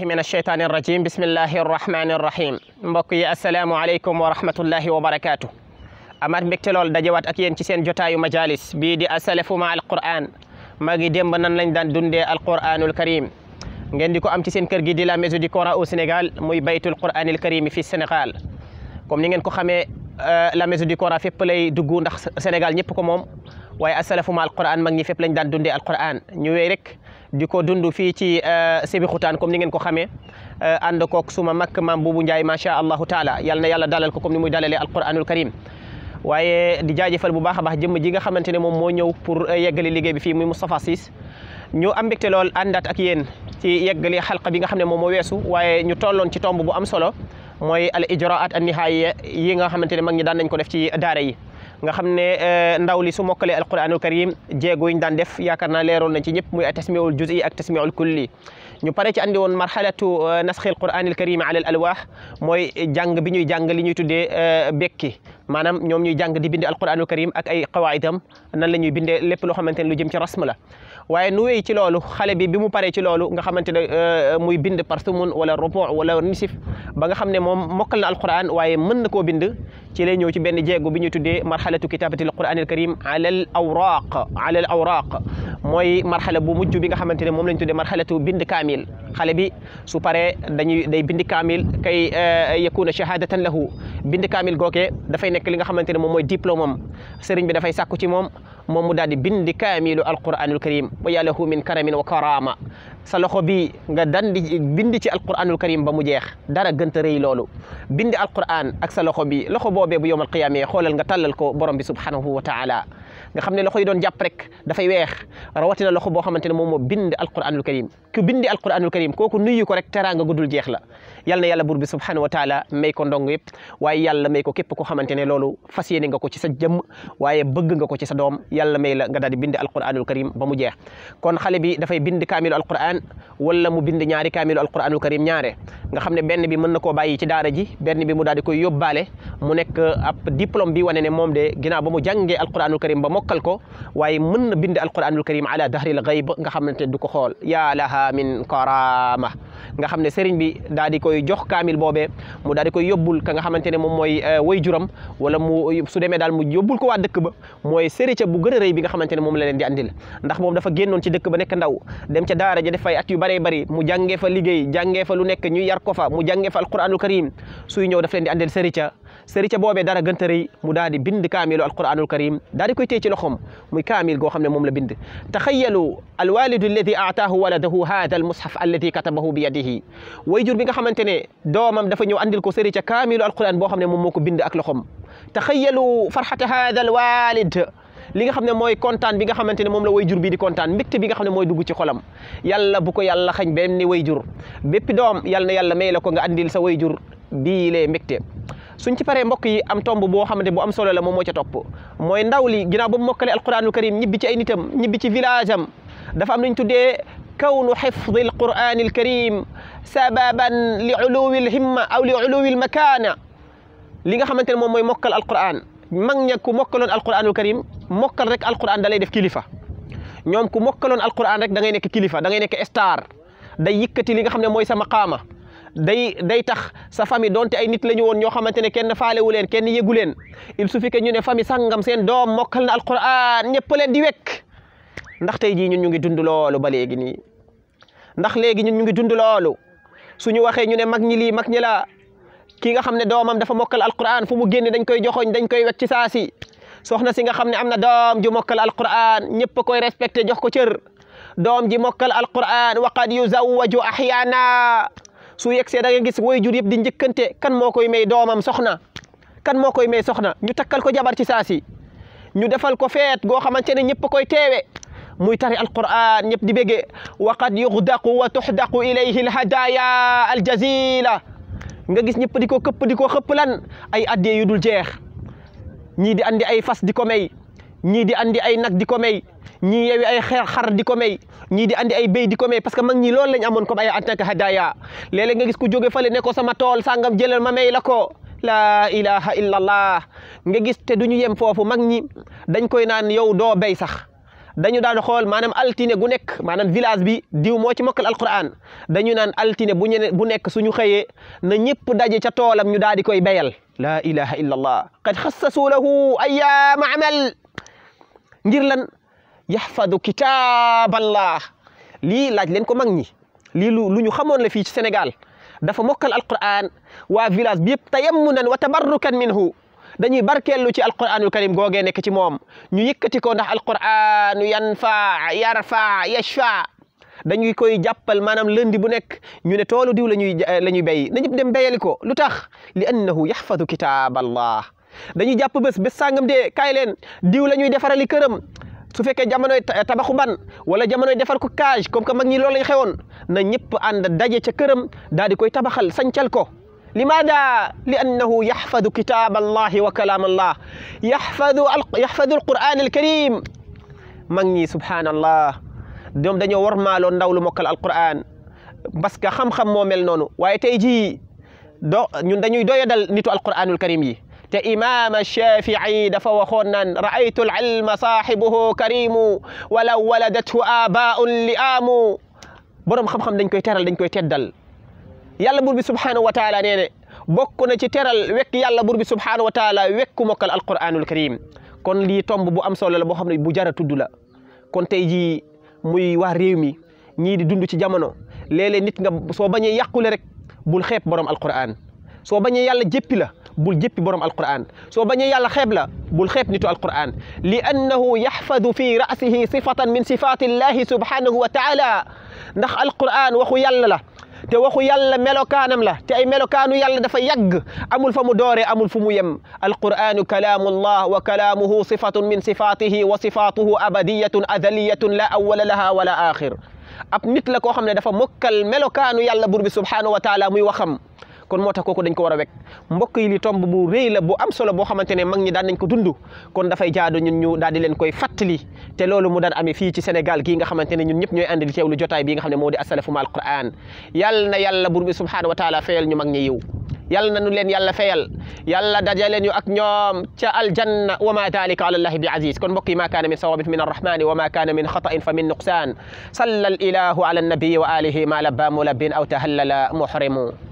من الشيطان الرجيم بسم الله الرحمن الرحيم مبكي السلام عليكم ورحمة الله وبركاته أمر مكتلول دجوات أكين تسين جتاي مجالس بيدي أسلف مع القرآن ما قدم بنان لندن دون القرآن الكريم عندكم أم تسين كرجي دلا مزود كورا أو سنغال مي بيت القرآن الكريم في السنغال كم نين كم خمي لا مزود كورا في بلي دوغون سنغال نيبكم waaye asalafu ma alquran mag ñi fépp lañ dan dundé alquran ñu wéy rek diko dundu fi ci sebi Sébikotane comme ni ngeen ko xamé ànd koog suma mak mam bubu nday ma sha allah taala yal na yàlla dalal ko comme ni muy dalalé alquranul karim waye di jajeufal bu baakha bax jëm ji nga xamantene mom mo ñëw pour yeggali liggé bi fi muy mustafa sis ñu am lol andat ak yéen ci yeggali xalqa bi nga xamné mom mo wessu waye ñu tollon ci tomb bu am solo moy al ijraat an nihayya yi nga xamantene mag ñi dan nañ ko def ci daara yi nga xam ne eh, ndaw li su mokkalee alquranul karim jéego yiñ daan def yaakaar naa leeroon nañ ci ñëpp muy tasmiul juzi ak tasmiul kulli ñu pare ci andi woon marxalatu eh, nasxil quranil karim ala al mooy jàng bi ñuy jàng li ñuy tuddee eh, bekki maanaam ñoom ñuy jàng di binde alquranul karim ak ay am nan la ñuy bindee lépp loo xamante ne lu jëm ci rasm la waaye nu wéy ci loolu xale bi bi mu paree ci loolu nga xamante ne euh, muy bind parsumun wala rubu wala nisif ba nga xam ne moom mokkal na alquran waaye mën na koo bind ci lay ñëw ci benn jéego bi ñuy tuddee marxalatu kitabatil quranil karim ala al awraq ala al awraq moy marhala bu mujju bi nga xamantene mom lañ tuddé marhalatu bind kamil xale bi su paré dañuy day bind kamil kay yakuna shahadatan lahu bind kamil goké da fay nek li nga xamantene mom moy diplôme mom sëriñ bi da fay sàkku ci mom mom mu daldi bind kamil alquranul karim wa ya lahu min karamin wa karama sa loxo bi nga dandi bind ci alquranul karim ba mu jeex dara gënta reey lolu bind alquran ak sa loxo bi loxo bobé bu yowal qiyamé xolal nga talal ko borom bi subhanahu wa taala nga xam ne loxo yi doon jàpp rek dafay weex rawatina loxo boo xamante ne moom mo bind alquranul karim ku bindi alquranul karim kooku nuyu ko rek teraanga gudul jeex la yal na yàlla buur bi subhanahu wa may ko ndong yëpp waaye yàlla may ko képp ko xamante ne loolu fas yéene nga ko ci sa jëmm waaye bëgg nga ko ci sa doom yalla may la nga daal di bind alquranul karim ba mu jeex kon xale bi dafay bind kaamilu alquran wala mu bind ñaari kaamilu alquranul karim ñaare nga xam ne benn bi mën na koo bàyyi ci daara ji benn bi mu daal di koy yóbbaale mu nekk ab diplôme bi wane ne moom de ginnaaw ba mu jàngee alquranul karim ba mokkal ko waaye mën na bind alquranul karim ala dahril gayb nga xamante ne du ko xool yaa laha min karama nga xam ne sëriñ bi daal di koy jox kaamil boobee mu daal di koy yóbbul ka nga xamante ne moom mooy euh, way juram wala mu su demee daal mu yóbbul ko waa dëkk ba mooy sërica bu gën a bi nga xamante ne moom la leen di andil ndax moom dafa génnoon ci dëkk ba nekk ndaw dem ca daara ja at yu bëree bëri mu jàngee liggéey jàngee fa lu nekk ñu yar ko fa mu jàngee fa alquranul karim suy ñëw daf leen di sëriñ boobee dara gënta rëy mu daal bind kaamilu alquranul karim daal di koy téye ci loxoom muy kaamil goo xam ne moom la bind taxayalu alwalidu alladi aataahu waladahu haada almushaf alladi katabahu bi yadihi wayjur xamante ne doomam dafa ñëw andil ko sëriñ ca kaamilu alquran boo xam ne moom moo ko bind ak loxoom taxayalu farxata haada alwalid li nga xam ne mooy kontaan bi nga xamante ne moom la wayjur bi di kontaan mbégte bi nga xam ne mooy dugg ci xolam yàlla bu ko yàlla xañ benn wayjur bépp doom yàlla na la ko nga andil sa wayjur bii lee mbégte suñ ci paree mbokk yi am tomb boo xamante bu am solo la moom moo ca topp mooy ndaw li ginnaaw ba mu mokkale karim ñibbi ci ay nitam ñibbi ci village am dafa am nañ tuddee kawnu xifdi alqurani alkarim sababan li uluwi alhimma aw li uluwi almakana li nga xamante ne moom mooy mokkal alquran mag ña ku mokkaloon alquranul karim mokkal rek alquran da lay def kilifa ñoom ku mokkaloon alquran rek da ngay nekk kilifa da ngay nekk star day yëkkati li nga xam ne sa maqaama day day tax sa famille donte ay nit la ñu woon ñoo xamante ne kenn faalewu leen kenn yëgu leen il suffit que ñu ne famille sangam seen doom mokkal na alquran ñëpp leen di wekk ndax tey jii ñun ñu ngi dund loolu ba léegi nii ndax léegi ñun ñu ngi dund loolu suñu waxee ñu ne mag ñi lii mag ñi la ki nga xam ne doomam dafa mokkal alquran fu mu génne dañ koy joxoñ dañ koy wekk ci saasi soxna si nga xam ne am na doom ju mokkal alquran ñëpp koy respecté jox ko cër doom ji mokkal alquran waqad yuzawwaju ahyana su yegsee da nga gis woy jur yëpp di njëkkante kan moo koy may doomam soxna kan moo koy may soxna ñu takkal ko jabar ci saasi ñu defal ko feet goo xamante ne ñëpp koy teewe muy tari alquran ñëpp di bége wa qad yugdaqu wa tuxdaqu ilayhi alhadaya aljazila nga gis ñëpp di ko këpp di ko xëpp lan ay addiye yu jeex ñii di andi ay fas di ko may ñii di andi ay nag di ko may ñii ay xeer xar di ko may ñii di andi ay béy di ko may parce que mag ñi loolu lañ amoon comme ay en tant que hadaya léeg-léeg ku jóge fale ne ko sama tool sangam jëlal ma may la ko laa ilaha illallah nga gis te duñu yem foofu mag ñi dañ koy naan yow doo béy sax dañu daan xool maanaam altine gu nekk maanaam village bi diw moo ci mokkal alquran dañu naan altine bu ñu bu nekk suñu xëyee na ñëpp daje ca toolam ñu daal di koy béyal laa ilaha illallah qad xassasu lahu ayyaama amal ngir lan yaxfadu kitaaballah lii laaj leen ko mag ñi lii lu lu ñu xamoon la fii ci Sénégal dafa mokkal alquran waa village bi yëpp tayammunan wa tabarrukan minhu dañuy barkeellu ci alquranul karim googee nekk ci moom ñu yëkkati ko ndax alquranu yanfa yarfa yashfa dañuy koy jàppal maanaam lëndi bu nekk ñu ne toolu diw la ñuy la ñuy béy na ñëpp dem béyali ko lu tax li annahu yaxfadu kitaab allah dañuy jàpp bés bés sàngam dee kaay leen diw la ñuy defarali këram su fekkee jamonoy tabaxu ban wala jamonoy defar ko cage comme que mag ñi loolu lañ xewoon na ñëpp ànd daje ca këram daal di koy tabaxal sancal ko limaada li annahu yaxfadu kitaab allahi wa kalaam allah yaxfadu yaxfadu alquran alkarim mag ñi subhaanallah ñoom dañoo war maaloo ndaw lu mokkal alquran parce que xam-xam moo mel noonu waaye tey jii do ñun dañuy doyadal nitu alquranul karim yi te imaam ay dafa waxoon naan ra'aytu al-ilma saaxibuhu karimu walaw waladathu aabaa'un li'aamu borom xam-xam dañ koy teral dañ koy teddal yàlla buur bi subhaanahu wa taala nee bokk na ci teral wekk yàlla buur bi subhaanahu wa taala wekku mokkal alquraanul karim kon lii tomb bu am solo la boo xam ne bu jara tudd la kon tey jii muy waa réew mi ñii di dund ci jamono léeg nit nga soo bañee yàqule rek bul xeeb borom alquran soo bañee yàlla jéppi la bul jëppi borom alquran soo bañee yàlla xeeb la bul xeeb nitu alquran li annahu yaxfadu fi rasihi sifatan min sifati illahi subhanahu wa taala ndax alquran waxu yàlla la te waxu yàlla melokaanam la te ay melokaanu yàlla dafa yàgg amul fa mu dooree amul fu mu yem alquranu kalaamullah wa kalaamuhu sifatun min sifatihi wa sifatuhu abadiyatun azaliyatun la awala laha wala axir ab nit la koo xam ne dafa mokkal melokaanu yàlla bur bi subhanahu wa taala muy waxam kon moo tax kooku dañ ko war wekk mbokk yi li tomb bu rëy la bu am solo boo xamante ne mag ñi daan nañ ko dund kon dafay jaadu ñun ñu daal di leen koy fàttali te loolu mu daan amee fii ci Sénégal gii nga xamante ne ñun ñëpp ñooy ànd di teewlu jotaay bii nga xam ne moo di asalafu ma alquran yàlla na yàlla bur bi subhaanahu wa taala fayal ñu mag yàlla na nu leen yàlla fayal yàlla dajaleen yu ak ñoom ca aljanna wa ma dalika ala allahi bi aziz kon mbokk yi ma kaana min sawabin min arrahmani wa min xata'in